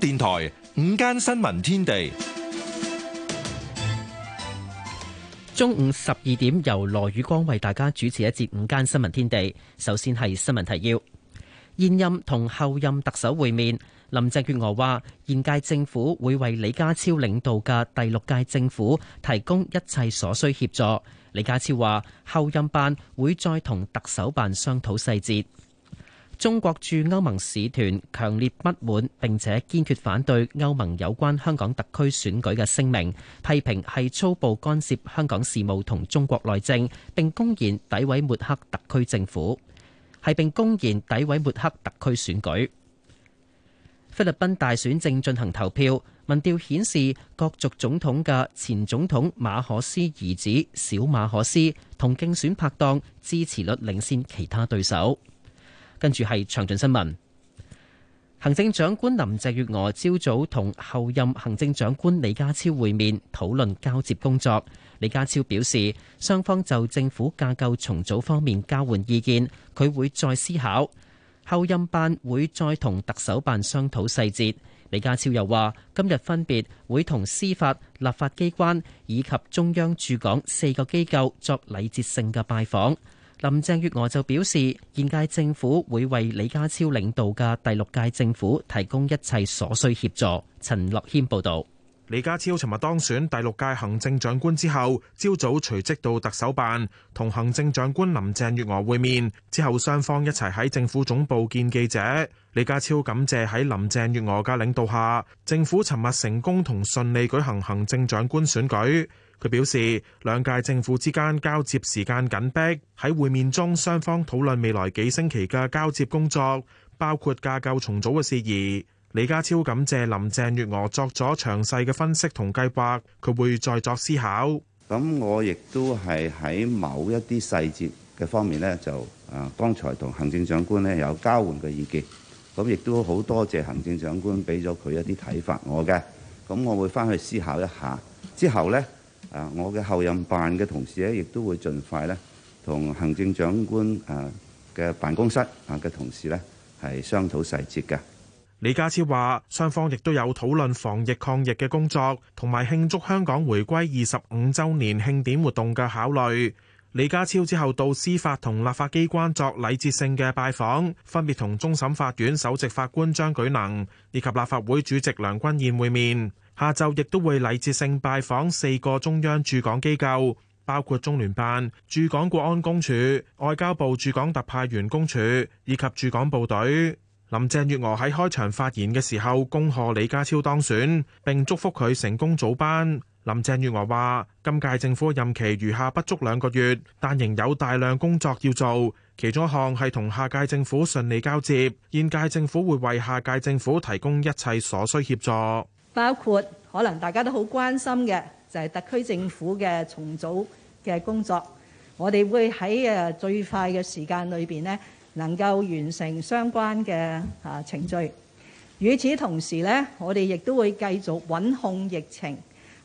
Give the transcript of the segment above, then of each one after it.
電台午間新聞天地，中午十二點由羅宇光為大家主持一節午間新聞天地。首先係新聞提要：現任同後任特首會面，林鄭月娥話，現屆政府會為李家超領導嘅第六屆政府提供一切所需協助。李家超話，後任辦會再同特首辦商討細節。中國駐歐盟使團強烈不滿，並且堅決反對歐盟有關香港特區選舉嘅聲明，批評係粗暴干涉香港事務同中國內政，並公然詆毀抹黑特區政府，係並公然詆毀抹黑特區選舉。菲律賓大選正進行投票，民調顯示角逐總統嘅前總統馬可斯兒子小馬可斯同競選拍檔支持率領先其他對手。跟住係詳盡新聞，行政長官林鄭月娥朝早同候任行政長官李家超會面討論交接工作。李家超表示，雙方就政府架構重組方面交換意見，佢會再思考，候任辦會再同特首辦商討細節。李家超又話，今日分別會同司法、立法機關以及中央駐港四個機構作禮節性嘅拜訪。林鄭月娥就表示，現屆政府會為李家超領導嘅第六屆政府提供一切所需協助。陳樂謙報道，李家超尋日當選第六屆行政長官之後，朝早隨即到特首辦同行政長官林鄭月娥會面，之後雙方一齊喺政府總部見記者。李家超感謝喺林鄭月娥嘅領導下，政府尋日成功同順利舉行行政長官選舉。佢表示，兩屆政府之間交接時間緊迫，喺會面中，雙方討論未來幾星期嘅交接工作，包括架構重組嘅事宜。李家超感謝林鄭月娥作咗詳細嘅分析同計劃，佢會再作思考。咁我亦都係喺某一啲細節嘅方面呢，就啊，剛才同行政長官呢有交換嘅意見。咁亦都好多謝行政長官俾咗佢一啲睇法，我，我嘅咁，我會翻去思考一下之後呢。啊！我嘅候任辦嘅同事咧，亦都會盡快咧，同行政長官啊嘅辦公室啊嘅同事咧，係商討細節嘅。李家超話：雙方亦都有討論防疫抗疫嘅工作，同埋慶祝香港回歸二十五週年慶典活動嘅考慮。李家超之後到司法同立法機關作禮節性嘅拜訪，分別同終審法院首席法官張舉能以及立法會主席梁君彥會面。下晝亦都會禮節性拜訪四個中央駐港機構，包括中聯辦、駐港國安公署、外交部駐港特派員公署以及駐港部隊。林鄭月娥喺開場發言嘅時候，恭賀李家超當選，並祝福佢成功組班。林鄭月娥話：今屆政府任期餘下不足兩個月，但仍有大量工作要做。其中一項係同下屆政府順利交接，現屆政府會為下屆政府提供一切所需協助。包括可能大家都好關心嘅，就係特區政府嘅重組嘅工作，我哋會喺誒最快嘅時間裏邊咧，能夠完成相關嘅啊程序。與此同時咧，我哋亦都會繼續穩控疫情，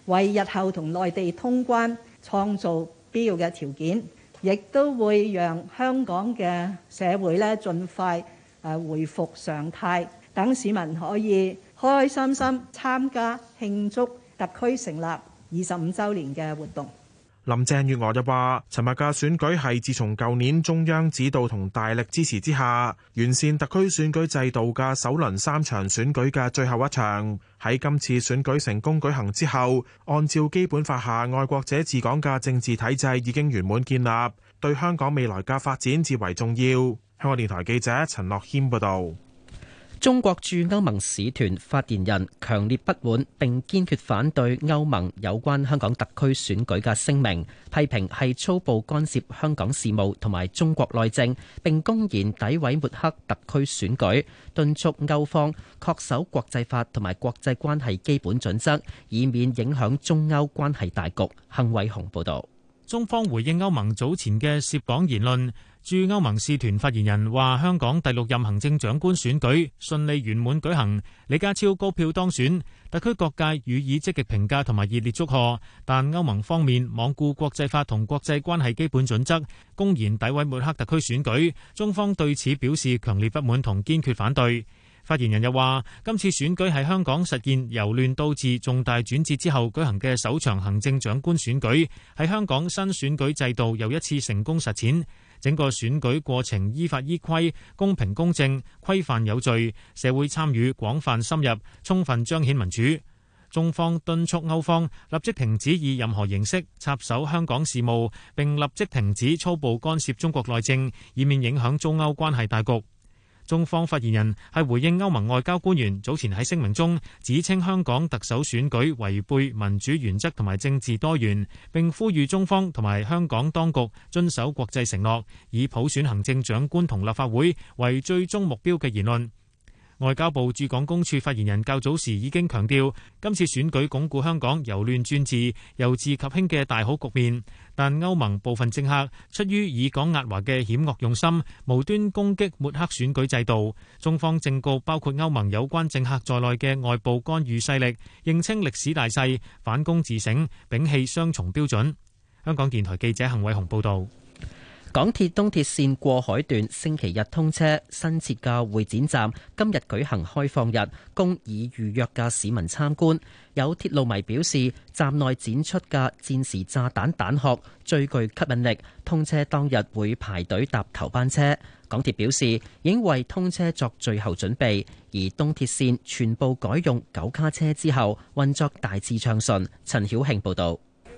為日後同內地通關創造必要嘅條件，亦都會讓香港嘅社會咧盡快誒回復常態，等市民可以。開開心心參加慶祝特區成立二十五週年嘅活動。林鄭月娥就話，尋日嘅選舉係自從舊年中央指導同大力支持之下，完善特區選舉制度嘅首輪三場選舉嘅最後一場。喺今次選舉成功舉行之後，按照基本法下，愛國者治港嘅政治體制已經圓滿建立，對香港未來嘅發展至為重要。香港電台記者陳樂軒報導。中國駐歐盟使團發言人強烈不滿，並堅決反對歐盟有關香港特區選舉嘅聲明，批評係粗暴干涉香港事務同埋中國內政，並公然詆毀抹黑特區選舉，敦促歐方恪守國際法同埋國際關係基本準則，以免影響中歐關係大局。幸偉雄報道，中方回應歐盟早前嘅涉港言論。駐歐盟使團發言人話：香港第六任行政長官選舉順利圓滿舉行，李家超高票當選，特區各界予以積極評價同埋熱烈祝賀。但歐盟方面罔顧國際法同國際關係基本準則，公然詆毀抹黑特區選舉，中方對此表示強烈不滿同堅決反對。發言人又話：今次選舉係香港實現由亂到治重大轉折之後舉行嘅首場行政長官選舉，喺香港新選舉制度又一次成功實踐。整個選舉過程依法依規、公平公正、規範有序、社會參與廣泛深入、充分彰顯民主。中方敦促歐方立即停止以任何形式插手香港事務，並立即停止粗暴干涉中國內政，以免影響中歐關係大局。中方發言人係回應歐盟外交官員早前喺聲明中指稱香港特首選舉違背民主原則同埋政治多元，並呼籲中方同埋香港當局遵守國際承諾，以普選行政長官同立法會為最終目標嘅言論。外交部駐港公署發言人較早時已經強調，今次選舉鞏固香港由亂轉治、由治及興嘅大好局面，但歐盟部分政客出於以港壓華嘅險惡用心，無端攻擊抹黑選舉制度。中方正告包括歐盟有關政客在內嘅外部干預勢力，認清歷史大勢，反攻自省，摒棄雙重標準。香港電台記者陳偉雄報導。港鐵東鐵線過海段星期日通車，新設嘅會展站今日舉行開放日，供已預約嘅市民參觀。有鐵路迷表示，站內展出嘅戰時炸彈彈殼最具吸引力。通車當日會排隊搭頭班車。港鐵表示，已經為通車作最後準備。而東鐵線全部改用九卡車之後，運作大致暢順。陳曉慶報導。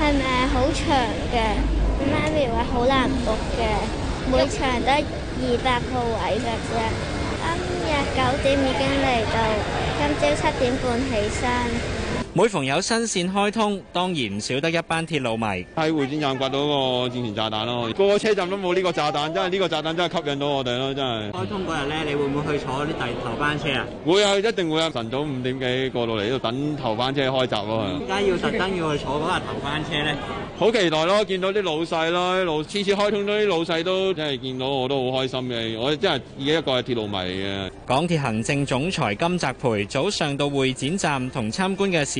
係咪好長嘅？媽咪話好難補嘅，每場得二百個位㗎啫。今日九點已經嚟到，今朝七點半起身。每逢有新線開通，當然唔少得一班鐵路迷。喺會展站掘到個戰前炸彈咯，個個車站都冇呢個炸彈，真係呢、呢個炸彈真係吸引到我哋咯，真係。開通嗰日咧，你會唔會去坐啲第頭班車啊？會啊，一定會啊！晨早五點幾過到嚟呢度等頭班車開閘咯。係點解要特登要去坐嗰日頭班車呢？好 期待咯，見到啲老細咯，老次次開通都啲老細都真係見到我都好開心嘅。我真係而家一個係鐵路迷嘅。港鐵行政總裁金澤培早上到會展站同參觀嘅時。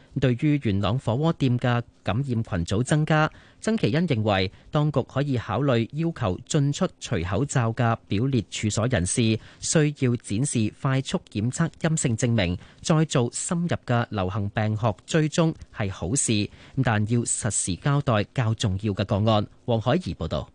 對於元朗火鍋店嘅感染群組增加，曾奇恩認為當局可以考慮要求進出除口罩嘅表列處所人士需要展示快速檢測陰性證明，再做深入嘅流行病學追蹤係好事，但要實時交代較重要嘅個案。黃海怡報道。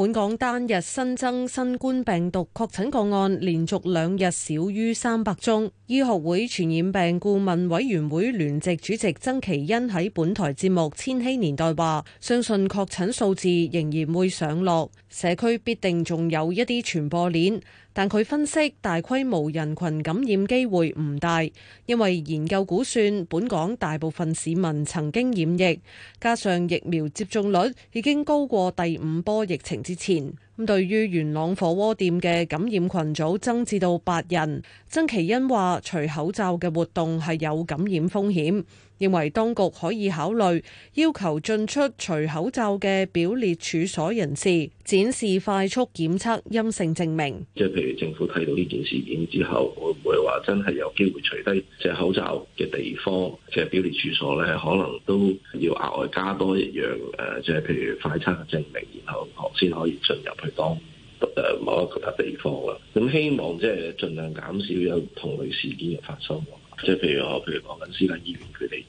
本港單日新增新冠病毒確診個案連續兩日少於三百宗，醫學會傳染病顧問委員會聯席主席曾其恩喺本台節目《千禧年代》話：相信確診數字仍然會上落，社區必定仲有一啲傳播鏈。但佢分析大規模人群感染機會唔大，因為研究估算本港大部分市民曾經染疫，加上疫苗接種率已經高過第五波疫情之前。咁對於元朗火鍋店嘅感染群組增至到八人曾奇、曾其欣話除口罩嘅活動係有感染風險，認為當局可以考慮要求進出除口罩嘅表列處所人士展示快速檢測陰性證明。即係譬如政府睇到呢件事件之後會唔會話真係有機會除低隻口罩嘅地方，即係表列處所咧，可能都要額外加多一樣誒，即係譬如快測嘅證明，然後先可以進入去。當誒某一個地方啦，咁希望即係盡量減少有同類事件嘅發生。即係譬如我，譬如講緊私家醫院，佢哋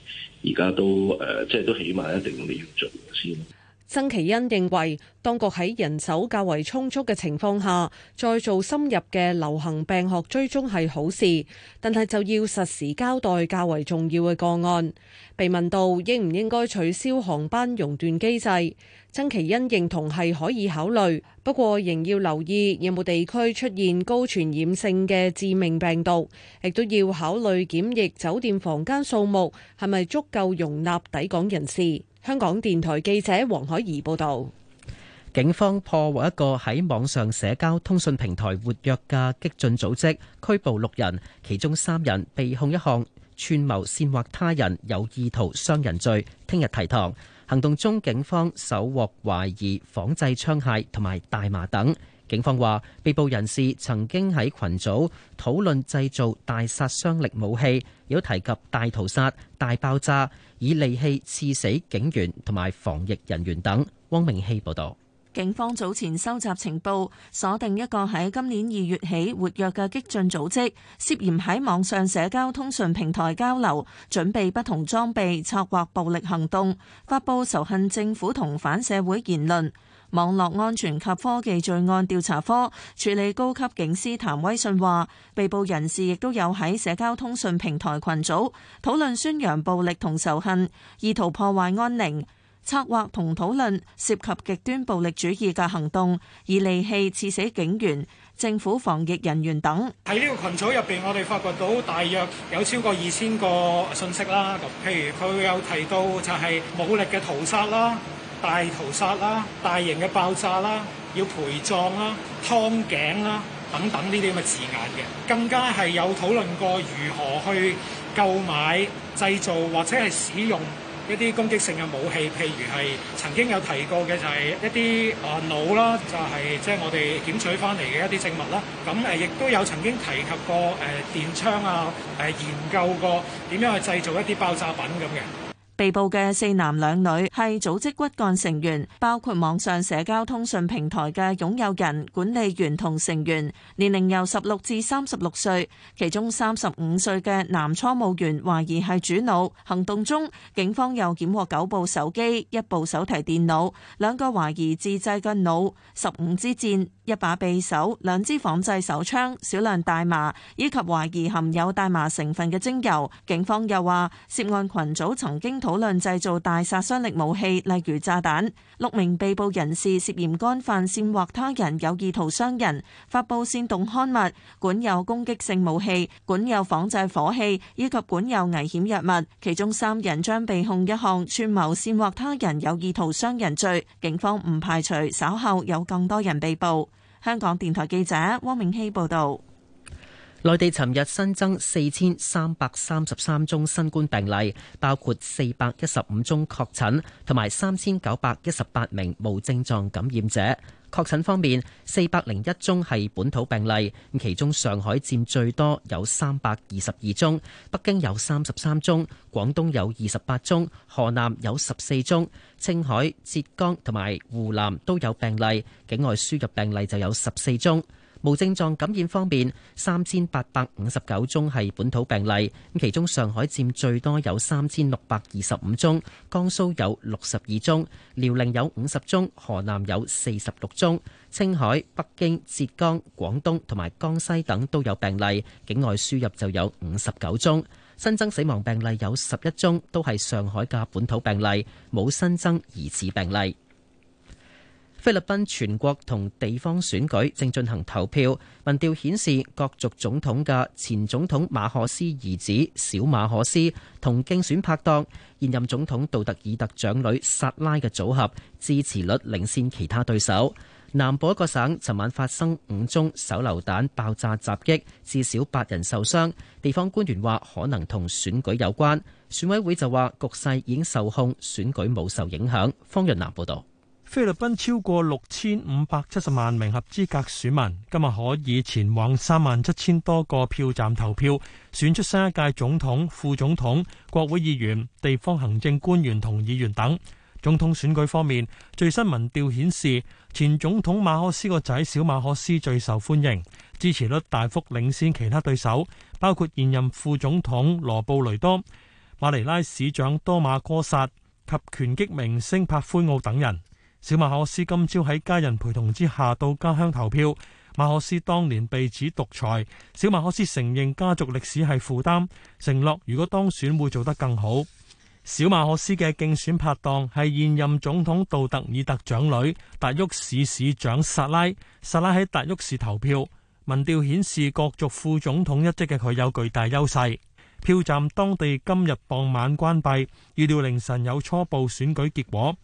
而家都誒，即係都起碼一定你要做先。曾其恩認為，當局喺人手較為充足嘅情況下，再做深入嘅流行病學追蹤係好事，但係就要實時交代較為重要嘅個案。被問到應唔應該取消航班熔斷機制，曾其恩認同係可以考慮，不過仍要留意有冇地區出現高傳染性嘅致命病毒，亦都要考慮檢疫酒店房間數目係咪足夠容納抵港人士。香港電台記者黃海怡報道，警方破獲一個喺網上社交通訊平台活躍嘅激進組織，拘捕六人，其中三人被控一項串謀煽惑他人有意圖傷人罪，聽日提堂。行動中，警方搜獲懷疑仿製槍械同埋大麻等。警方話，被捕人士曾經喺群組討論製造大殺傷力武器，有提及大屠殺、大爆炸。以利器刺死警員同埋防疫人員等。汪明希報道，警方早前收集情報，鎖定一個喺今年二月起活躍嘅激進組織，涉嫌喺網上社交通訊平台交流，準備不同裝備，策劃暴力行動，發佈仇恨政府同反社會言論。網絡安全及科技罪案調查科處理高級警司譚威信話：被捕人士亦都有喺社交通訊平台群組討論宣揚暴力同仇恨，意圖破壞安寧，策劃同討論涉及極端暴力主義嘅行動，以利器刺死警員、政府防疫人員等。喺呢個群組入邊，我哋發掘到大約有超過二千個信息啦。譬如佢有提到就係武力嘅屠殺啦。大屠殺啦、大型嘅爆炸啦、要陪葬啦、劏頸啦等等呢啲咁嘅字眼嘅，更加係有討論過如何去購買、製造或者係使用一啲攻擊性嘅武器，譬如係曾經有提過嘅就係一啲啊腦啦，就係即係我哋檢取翻嚟嘅一啲證物啦。咁誒亦都有曾經提及過誒、呃、電槍啊，係、呃、研究過點樣去製造一啲爆炸品咁嘅。被捕嘅四男兩女係組織骨幹成員，包括網上社交通訊平台嘅擁有人、管理員同成員，年齡由十六至三十六歲，其中三十五歲嘅男倉務員懷疑係主腦。行動中，警方又檢獲九部手機、一部手提電腦、兩個懷疑自製嘅弩、十五支箭、一把匕首、兩支仿製手槍、少量大麻以及懷疑含有大麻成分嘅精油。警方又話，涉案群組曾經同討論製造大殺傷力武器，例如炸彈。六名被捕人士涉嫌干犯煽惑他人有意圖傷人、發布煽動刊物、管有攻擊性武器、管有仿製火器以及管有危險藥物，其中三人將被控一項串謀煽惑他人有意圖傷人罪。警方唔排除稍後有更多人被捕。香港電台記者汪明熙報道。內地尋日新增四千三百三十三宗新冠病例，包括四百一十五宗確診同埋三千九百一十八名無症狀感染者。確診方面，四百零一宗係本土病例，其中上海佔最多，有三百二十二宗；北京有三十三宗，廣東有二十八宗，河南有十四宗，青海、浙江同埋湖南都有病例。境外輸入病例就有十四宗。無症狀感染方面，三千八百五十九宗係本土病例，咁其中上海佔最多，有三千六百二十五宗；江蘇有六十二宗，遼寧有五十宗，河南有四十六宗，青海、北京、浙江、廣東同埋江西等都有病例。境外輸入就有五十九宗，新增死亡病例有十一宗，都係上海嘅本土病例，冇新增疑似病例。菲律賓全國同地方選舉正進行投票，民調顯示各族總統嘅前總統馬可斯兒子小馬可斯同競選拍檔現任總統杜特爾特長女薩拉嘅組合支持率領先其他對手。南部一個省尋晚發生五宗手榴彈爆炸襲擊，至少八人受傷。地方官員話可能同選舉有關，選委會就話局勢已經受控，選舉冇受影響。方若南報導。菲律賓超過六千五百七十萬名合資格選民今日可以前往三萬七千多個票站投票，選出下一屆總統、副總統、國會議員、地方行政官員同議員等。總統選舉方面，最新民調顯示，前總統馬可斯個仔小馬可斯最受歡迎，支持率大幅領先其他對手，包括現任副總統羅布雷多、馬尼拉市長多馬哥薩及拳擊明星帕奎奧等人。小馬可斯今朝喺家人陪同之下到家鄉投票。馬可斯當年被指獨裁，小馬可斯承認家族歷史係負擔，承諾如果當選會做得更好。小馬可斯嘅競選拍檔係現任總統杜特爾特長女，達沃市市長薩拉。薩拉喺達沃市投票。民調顯示，角逐副總統一職嘅佢有巨大優勢。票站當地今日傍晚關閉，預料凌晨有初步選舉結果。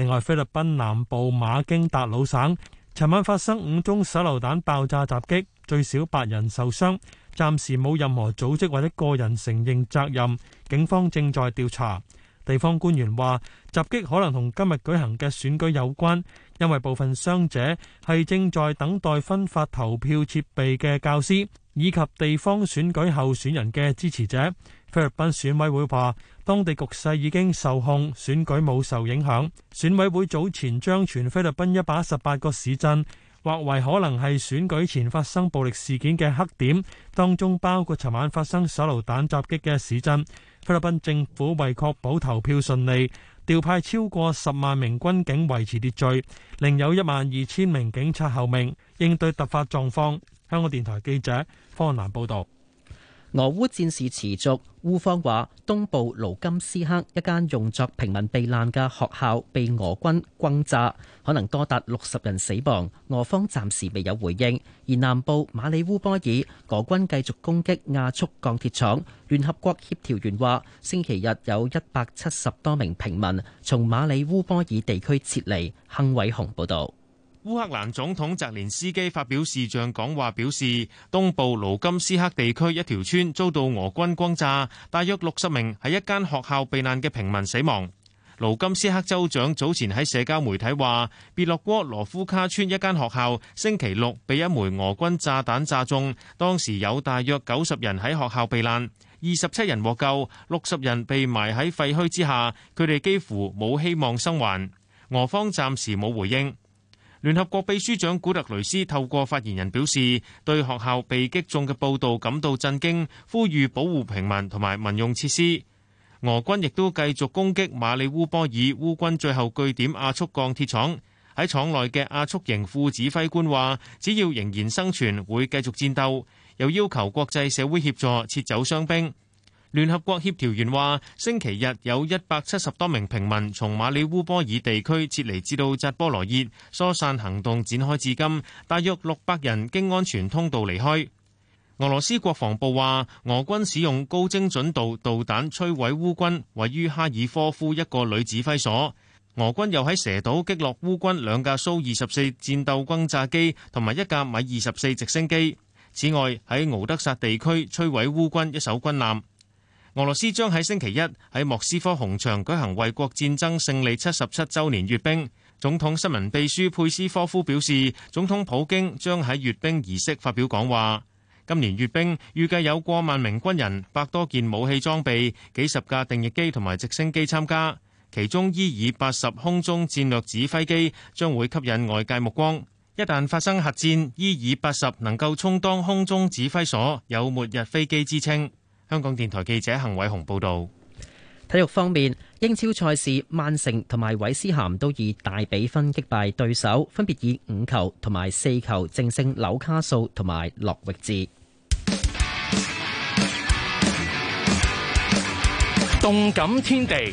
另外，菲律賓南部馬京達魯省尋晚發生五宗手榴彈爆炸襲擊，最少八人受傷，暫時冇任何組織或者個人承認責任，警方正在調查。地方官員話，襲擊可能同今日舉行嘅選舉有關，因為部分傷者係正在等待分發投票設備嘅教師以及地方選舉候選人嘅支持者。菲律賓選委會話：當地局勢已經受控，選舉冇受影響。選委會早前將全菲律賓一百一十八個市鎮或為可能係選舉前發生暴力事件嘅黑點，當中包括尋晚發生手榴彈襲擊嘅市鎮。菲律賓政府為確保投票順利，調派超過十萬名軍警維持秩序，另有一萬二千名警察候命應對突發狀況。香港電台記者方蘭報道。俄烏戰事持續，烏方話東部盧甘斯克一間用作平民避難嘅學校被俄軍轟炸，可能多達六十人死亡。俄方暫時未有回應。而南部馬里烏波爾，俄軍繼續攻擊亞速鋼鐵廠。聯合國協調員話，星期日有一百七十多名平民從馬里烏波爾地區撤離。亨偉雄報道。烏克蘭總統澤連斯基發表視像講話，表示東部盧甘斯克地區一條村遭到俄軍轟炸，大約六十名喺一間學校避難嘅平民死亡。盧甘斯克州長早前喺社交媒體話，別洛沃羅夫卡村一間學校星期六被一枚俄軍炸彈炸中，當時有大約九十人喺學校避難，二十七人獲救，六十人被埋喺廢墟之下，佢哋幾乎冇希望生還。俄方暫時冇回應。聯合國秘書長古特雷斯透過發言人表示，對學校被擊中嘅報導感到震驚，呼籲保護平民同埋民用設施。俄軍亦都繼續攻擊馬里烏波爾，烏軍最後據點亞速鋼鐵廠。喺廠內嘅亞速營副指揮官話：只要仍然生存，會繼續戰鬥，又要求國際社會協助撤走傷兵。聯合國協調員話：星期日有一百七十多名平民從馬里烏波爾地區撤離至到扎波羅熱。疏散行動展開至今，大約六百人經安全通道離開。俄羅斯國防部話，俄軍使用高精準度導彈摧毀烏軍位於哈爾科夫一個旅指揮所。俄軍又喺蛇島擊落烏軍兩架蘇二十四戰鬥轟炸機同埋一架米二十四直升機。此外，喺敖德薩地區摧毀烏軍一艘軍艦。俄羅斯將喺星期一喺莫斯科紅場舉行衛國戰爭勝利七十七周年閱兵。總統新聞秘書佩斯科夫表示，總統普京將喺閱兵儀式發表講話。今年閱兵預計有過萬名軍人、百多件武器裝備、幾十架定翼機同埋直升機參加，其中伊爾八十空中戰略指揮機將會吸引外界目光。一旦發生核戰，伊爾八十能夠充當空中指揮所，有末日飛機之稱。香港電台記者邢偉雄報道。體育方面，英超賽事曼城同埋韋斯咸都以大比分擊敗對手，分別以五球同埋四球正勝紐卡素同埋諾域治。動感天地。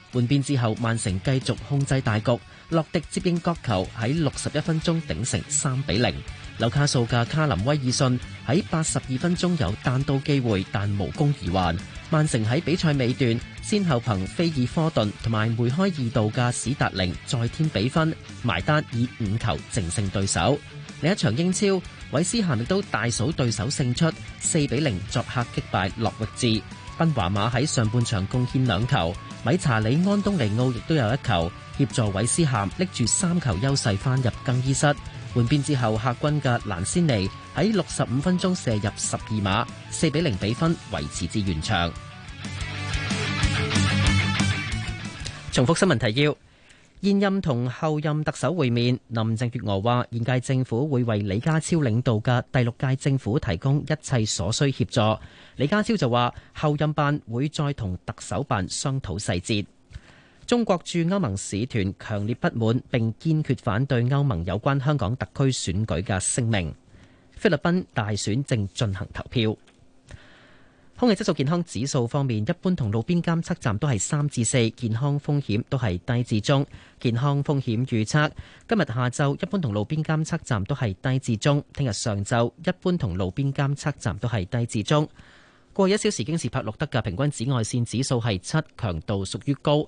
換邊之後，曼城繼續控制大局。洛迪接應角球喺六十一分鐘頂成三比零。紐卡素嘅卡林威爾遜喺八十二分鐘有單刀機會，但無功而還。曼城喺比賽尾段先後憑菲爾科頓同埋梅開二度嘅史達寧再添比分，埋單以五球淨勝對手。另一場英超，韋斯咸都大掃對手，勝出四比零作客擊敗洛域治。賓華馬喺上半場貢獻兩球。米查里安東尼奧亦都有一球協助韋斯咸拎住三球優勢翻入更衣室，換邊之後，客軍嘅蘭仙尼喺六十五分鐘射入十二碼，四比零比分維持至完場。 重複新聞提要。現任同後任特首會面，林鄭月娥話，現屆政府會為李家超領導嘅第六屆政府提供一切所需協助。李家超就話，後任辦會再同特首辦商討細節。中國駐歐盟使團強烈不滿，並堅決反對歐盟有關香港特區選舉嘅聲明。菲律賓大選正進行投票。空氣質素健康指數方面，一般同路邊監測站都係三至四，健康風險都係低至中。健康風險預測今日下晝一般同路邊監測站都係低至中，聽日上晝一般同路邊監測站都係低至中。過去一小時經京士柏錄得嘅平均紫外線指數係七，強度屬於高。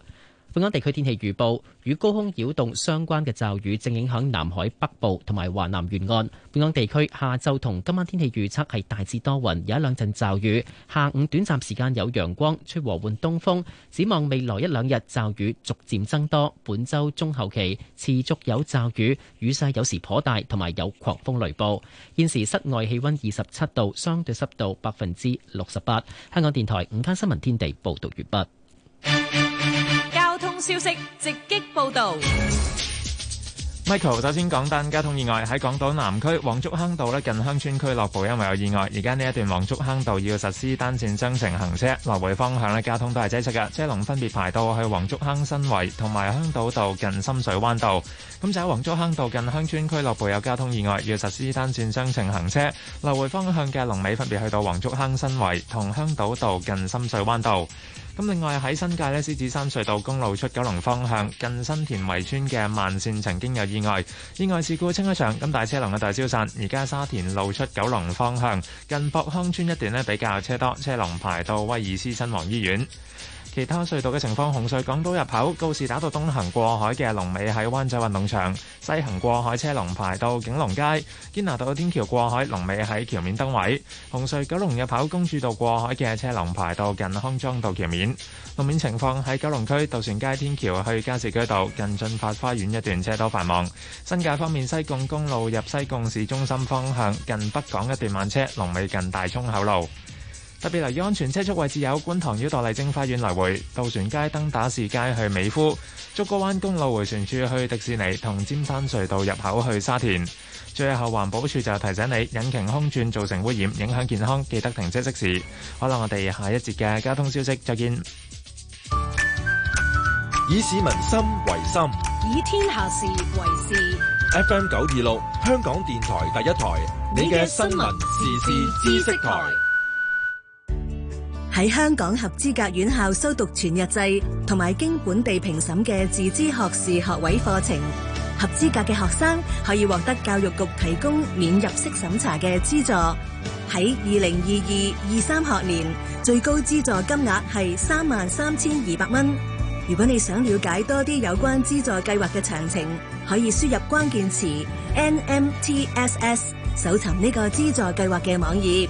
本港地區天氣預報：與高空擾動相關嘅驟雨正影響南海北部同埋華南沿岸。本港地區下晝同今晚天氣預測係大致多雲，有一兩陣驟雨。下午短暫時間有陽光，吹和緩東風。展望未來一兩日驟雨逐漸增多。本週中後期持續有驟雨，雨勢有時頗大，同埋有狂風雷暴。現時室外氣溫二十七度，相對濕度百分之六十八。香港電台午間新聞天地報道完畢。消息直擊報道，Michael 首先講單交通意外喺港島南區黃竹坑道呢近鄉村俱樂部因為有意外，而家呢一段黃竹坑道要實施單線雙程行車，來回方向呢交通都係擠塞嘅，車龍分別排到去黃竹坑新圍同埋香島道近深水灣道。咁就喺黃竹坑道近鄉村俱樂部有交通意外，要實施單線雙程行車，來回方向嘅龍尾分別去到黃竹坑新圍同香島道近深水灣道。咁另外喺新界呢，獅子山隧道公路出九龍方向，近新田圍村嘅慢線曾經有意外，意外事故清咗場，咁大車龍嘅大消散。而家沙田路出九龍方向近博康邨一段呢，比較車多，車龍排到威爾斯親王醫院。其他隧道嘅情況，紅隧港島入口告士打道東行過海嘅龍尾喺灣仔運動場，西行過海車龍排到景隆街；堅拿道天橋過海龍尾喺橋面燈位。紅隧九龍入口公主道過海嘅車龍排到近康莊道橋面。路面情況喺九龍區渡船街天橋去加士居道近進發花園一段車多繁忙。新界方面，西貢公路入西貢市中心方向近北港一段慢車，龍尾近大涌口路。特別留意安全車速位置有觀塘繞道麗晶花園來回渡船街登打士街去美孚竹篙灣公路回旋處去迪士尼同尖山隧道入口去沙田。最後環保署就提醒你引擎空轉造成污染影響健康，記得停車即時。好啦，我哋下一節嘅交通消息，再見。以市民心為心，以天下事為事。FM 九二六，26, 香港電台第一台，你嘅新聞時事知識台。喺香港合資格院校修讀全日制同埋經本地評審嘅自資學士學位課程，合資格嘅學生可以獲得教育局提供免入息審查嘅資助。喺二零二二二三學年，最高資助金額係三萬三千二百蚊。如果你想了解多啲有關資助計劃嘅詳情，可以輸入關鍵詞 NMTSS，搜尋呢個資助計劃嘅網頁。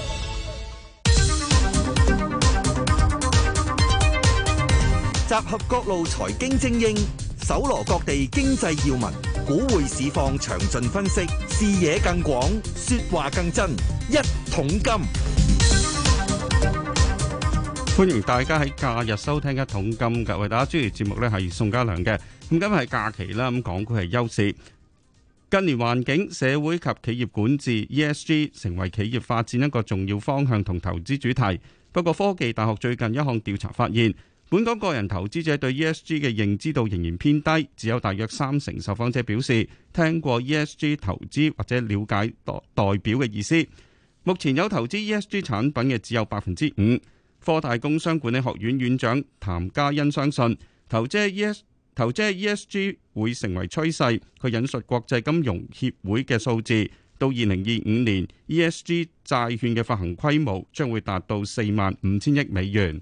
集合各路財經精英，搜羅各地經濟要聞，股匯市況詳盡分析，視野更廣，說話更真。一桶金，歡迎大家喺假日收聽《一桶金》噶。為大家主持節目呢，係宋家良嘅。咁今日係假期啦，咁港股係休市。近年環境、社會及企業管治 （E S G） 成為企業發展一個重要方向同投資主題。不過，科技大學最近一項調查發現，本港個人投資者對 ESG 嘅認知度仍然偏低，只有大約三成受訪者表示聽過 ESG 投資或者了解代代表嘅意思。目前有投資 ESG 產品嘅只有百分之五。科大工商管理學院院長譚嘉欣相信，投資 ES 投資 ESG 會成為趨勢。佢引述國際金融協會嘅數字，到二零二五年 ESG 債券嘅發行規模將會達到四萬五千億美元。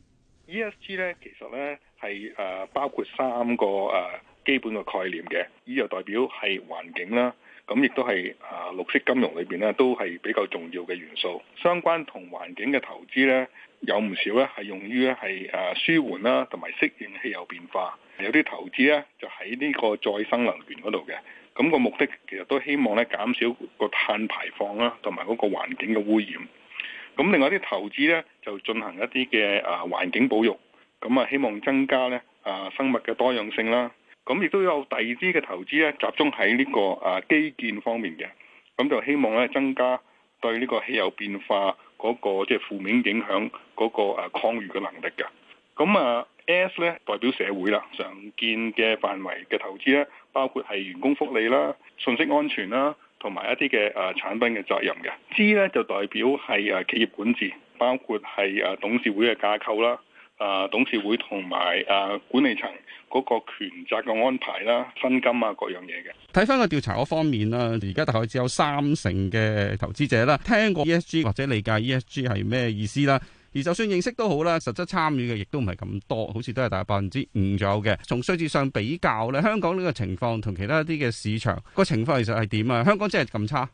ESG 咧，ES 其實咧係誒包括三個誒基本嘅概念嘅，E 就代表係環境啦，咁亦都係誒綠色金融裏邊咧都係比較重要嘅元素。相關同環境嘅投資咧，有唔少咧係用於咧係誒舒緩啦，同埋適應氣候變化。有啲投資咧就喺呢個再生能源嗰度嘅，咁個目的其實都希望咧減少個碳排放啦，同埋嗰個環境嘅污染。咁另外啲投資呢，就進行一啲嘅啊環境保育，咁啊希望增加呢啊生物嘅多樣性啦。咁亦都有第二啲嘅投資呢，集中喺呢個啊基建方面嘅，咁就希望呢增加對呢個氣候變化嗰個、那個即係、就是、負面影響嗰個抗御嘅能力嘅。咁啊 S 呢代表社會啦，常見嘅範圍嘅投資呢，包括係員工福利啦、信息安全啦。同埋一啲嘅誒產品嘅責任嘅，G 咧就代表係誒、啊、企業管治，包括係誒、啊、董事會嘅架構啦，誒、啊、董事會同埋誒管理層嗰個權責嘅安排啦、薪、啊、金啊各樣嘢嘅。睇翻個調查嗰方面啦，而家大概只有三成嘅投資者啦聽過 ESG 或者理解 ESG 係咩意思啦。而就算認識都好啦，實質參與嘅亦都唔係咁多，好似都係大概百分之五左右嘅。從數字上比較咧，香港呢個情況同其他一啲嘅市場個情況其實係點啊？香港真係咁差？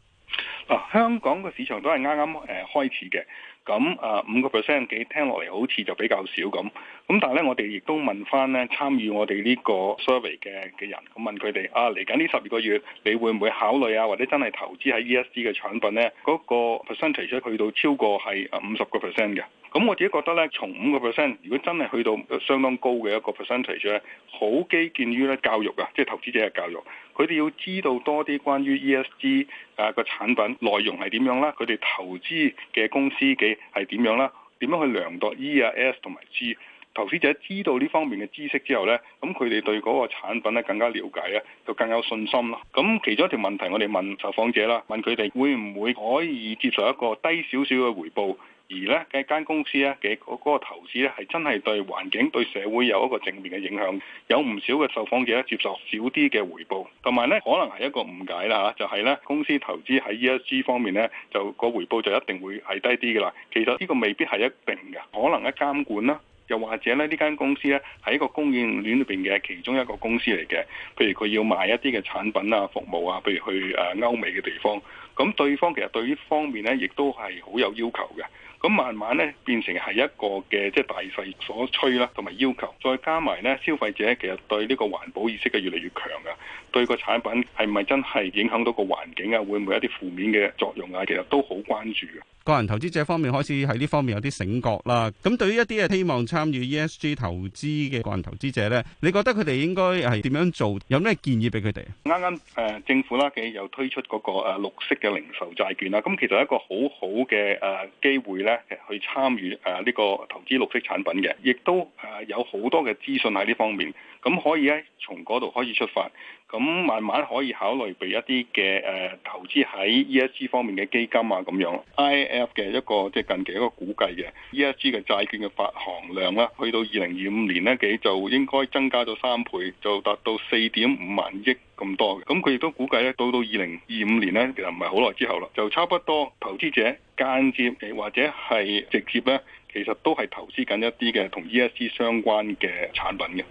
嗱，香港個市場都係啱啱誒開始嘅，咁誒五個 percent 幾聽落嚟好似就比較少咁。咁但係咧，我哋亦都問翻咧參與我哋呢個 survey 嘅嘅人，咁問佢哋啊，嚟緊呢十二個月你會唔會考慮啊，或者真係投資喺 ESG 嘅產品咧？嗰、那個 percent 提出去到超過係五十個 percent 嘅。咁我自己覺得咧，從五個 percent，如果真係去到相當高嘅一個 percent 嚟講咧，好基建於咧教育啊，即係投資者嘅教育，佢哋要知道多啲關於 ESG 啊個產品內容係點樣啦，佢哋投資嘅公司嘅係點樣啦，點樣去量度 E 啊 S 同埋 G，投資者知道呢方面嘅知識之後咧，咁佢哋對嗰個產品咧更加了解啊，就更有信心咯。咁其中一條問題，我哋問受訪者啦，問佢哋會唔會可以接受一個低少少嘅回報？而呢一間公司呢，嘅嗰個投資呢，係真係對環境、對社會有一個正面嘅影響。有唔少嘅受訪者接受少啲嘅回報。同埋呢可能係一個誤解啦，就係、是、呢公司投資喺 ESG 方面呢，就個回報就一定會係低啲嘅啦。其實呢個未必係一定嘅，可能一監管啦，又或者咧呢間公司呢，係一個供應鏈裏邊嘅其中一個公司嚟嘅。譬如佢要賣一啲嘅產品啊、服務啊，譬如去誒歐美嘅地方，咁對方其實對呢方面呢，亦都係好有要求嘅。咁慢慢咧變成係一個嘅即係大勢所趨啦，同埋要求，再加埋咧消費者其實對呢個環保意識嘅越嚟越強噶，對個產品係咪真係影響到個環境啊？會唔會一啲負面嘅作用啊？其實都好關注嘅。個人投資者方面開始喺呢方面有啲醒覺啦。咁對於一啲希望參與 ESG 投資嘅個人投資者呢，你覺得佢哋應該係點樣做？有咩建議俾佢哋？啱啱誒政府啦嘅有推出嗰個誒綠色嘅零售債券啦。咁其實一個好好嘅誒機會咧。去參與誒呢個投資綠色產品嘅，亦都誒有好多嘅資訊喺呢方面。咁可以咧，從嗰度開始出發，咁慢慢可以考慮畀一啲嘅誒投資喺 ESG 方面嘅基金啊，咁樣。IF 嘅一個即係、就是、近期一個估計嘅 ESG 嘅債券嘅發行量啦，去到二零二五年呢，咧，就應該增加咗三倍，就達到四點五萬億咁多嘅。咁佢亦都估計咧，到到二零二五年咧，其實唔係好耐之後啦，就差唔多投資者間接或者係直接咧，其實都係投資緊一啲嘅同 ESG 相關嘅產品嘅。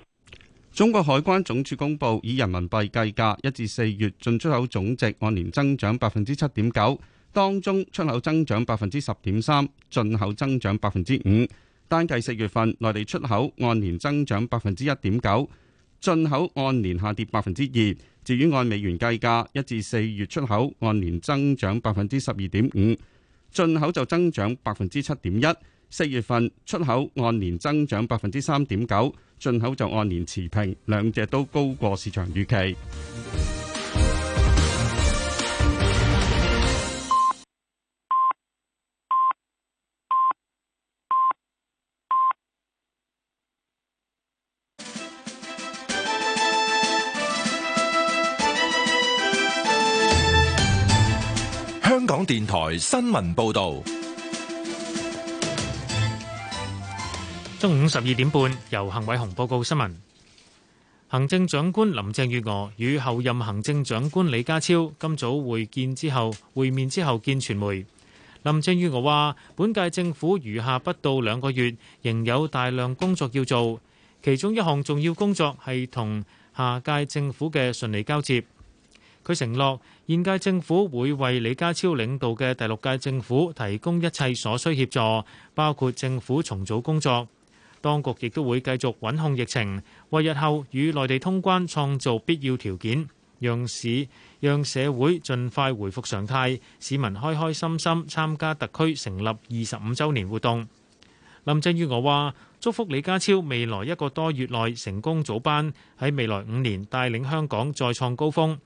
中國海關總署公布，以人民幣計價，一至四月進出口總值按年增長百分之七點九，當中出口增長百分之十點三，進口增長百分之五。單計四月份，內地出口按年增長百分之一點九，進口按年下跌百分之二。至於按美元計價，一至四月出口按年增長百分之十二點五，進口就增長百分之七點一。四月份出口按年增長百分之三點九，進口就按年持平，兩者都高過市場預期。香港電台新聞報道。中午十二點半，由幸偉雄報告新聞。行政長官林鄭月娥與候任行政長官李家超今早會見之後，會面之後見傳媒。林鄭月娥話，本屆政府餘下不到兩個月，仍有大量工作要做，其中一項重要工作係同下屆政府嘅順利交接。佢承諾，現屆政府會為李家超領導嘅第六屆政府提供一切所需協助，包括政府重組工作。當局亦都會繼續穩控疫情，為日後與內地通關創造必要條件，讓市、讓社會盡快恢復常態，市民開開心心參加特區成立二十五周年活動。林鄭月娥話，祝福李家超未來一個多月內成功組班，喺未來五年帶領香港再創高峰。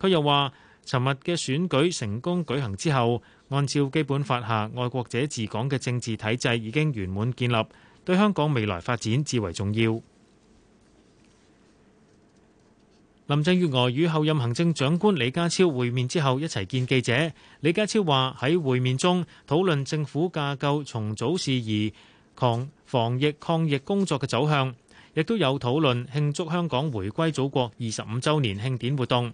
佢又話，尋日嘅選舉成功舉行之後，按照基本法下，愛國者治港嘅政治體制已經圓滿建立。對香港未來發展至為重要。林鄭月娥與候任行政長官李家超會面之後，一齊見記者。李家超話喺會面中討論政府架構重組事宜、防疫抗疫工作嘅走向，亦都有討論慶祝香港回歸祖國二十五周年慶典活動。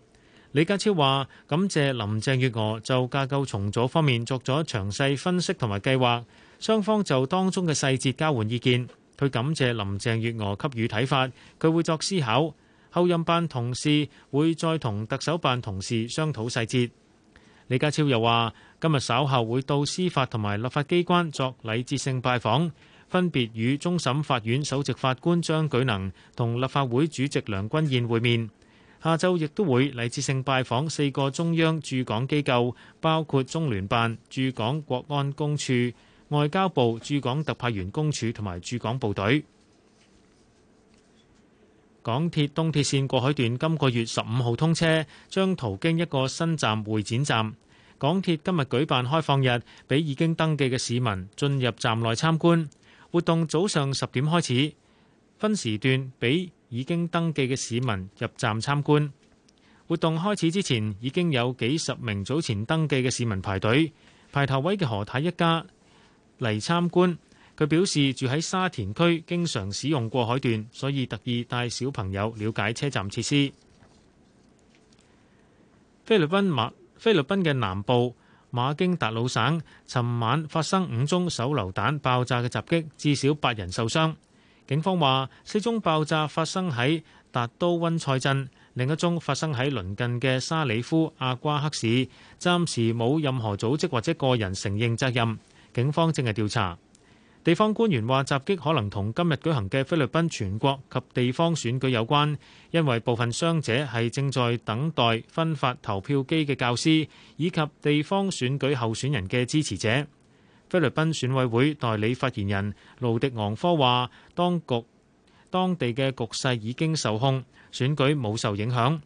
李家超話感謝林鄭月娥就架構重組方面作咗詳細分析同埋計劃，雙方就當中嘅細節交換意見。佢感謝林鄭月娥給予睇法，佢會作思考。候任辦同事會再同特首辦同事商討細節。李家超又話今日稍後會到司法同埋立法機關作禮節性拜訪，分別與終審法院首席法官張舉能同立法會主席梁君彥會面。下週亦都會禮節性拜訪四個中央駐港機構，包括中聯辦、駐港國安公署、外交部駐港特派員公署同埋駐港部隊。港鐵東鐵線過海段今個月十五號通車，將途經一個新站——會展站。港鐵今日舉辦開放日，俾已經登記嘅市民進入站內參觀。活動早上十點開始，分時段俾已經登記嘅市民入站參觀。活動開始之前，已經有幾十名早前登記嘅市民排隊。排頭位嘅何太一家嚟參觀，佢表示住喺沙田區，經常使用過海段，所以特意帶小朋友了解車站設施。菲律賓馬菲律賓嘅南部馬京達魯省，尋晚發生五宗手榴彈爆炸嘅襲擊，至少八人受傷。警方話：四宗爆炸發生喺達都溫賽鎮，另一宗發生喺鄰近嘅沙里夫阿瓜克市。暫時冇任何組織或者個人承認責任。警方正係調查。地方官員話：襲擊可能同今日舉行嘅菲律賓全國及地方選舉有關，因為部分傷者係正在等待分發投票機嘅教師，以及地方選舉候選人嘅支持者。菲律賓選委會代理發言人盧迪昂科話，當局，當地嘅局勢已經受控，選舉冇受影響。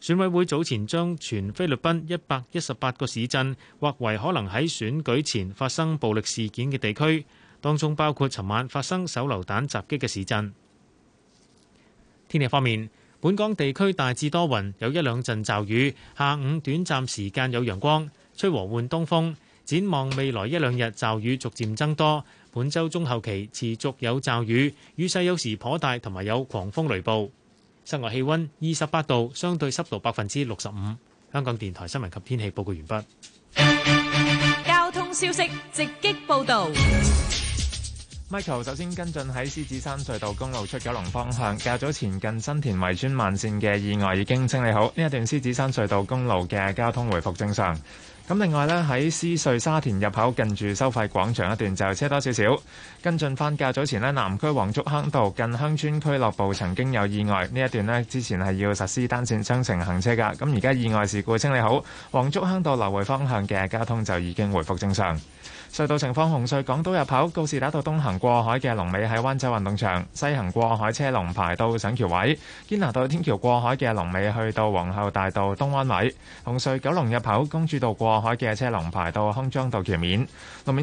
選委會早前將全菲律賓一百一十八個市鎮劃為可能喺選舉前發生暴力事件嘅地區，當中包括尋晚發生手榴彈襲擊嘅市鎮。天氣方面，本港地區大致多雲，有一兩陣驟雨，下午短暫時間有陽光，吹和緩東風。展望未來一兩日，驟雨逐漸增多。本週中後期持續有驟雨，雨勢有時頗大，同埋有狂風雷暴。室外氣温二十八度，相對濕度百分之六十五。嗯、香港電台新聞及天氣報告完畢。交通消息直擊報導。Michael 首先跟進喺獅子山隧道公路出九龍方向，較早前近新田圍村慢線嘅意外已經清理好，呢一段獅子山隧道公路嘅交通回復正常。咁另外呢，喺獅隧沙田入口近住收費廣場一段就車多少少。跟進翻較早前呢，南區黃竹坑道近鄉村俱樂部曾經有意外，呢一段呢之前係要實施單線雙程行車噶。咁而家意外事故清理好，黃竹坑道來回方向嘅交通就已經回復正常。隧道情況：紅隧港島入口告士打道東行過海嘅龍尾喺灣仔運動場，西行過海車龍排到省橋位；堅拿道天橋過海嘅龍尾去到皇后大道東灣位；紅隧九龍入口公主道過海嘅車龍排到康莊道橋面。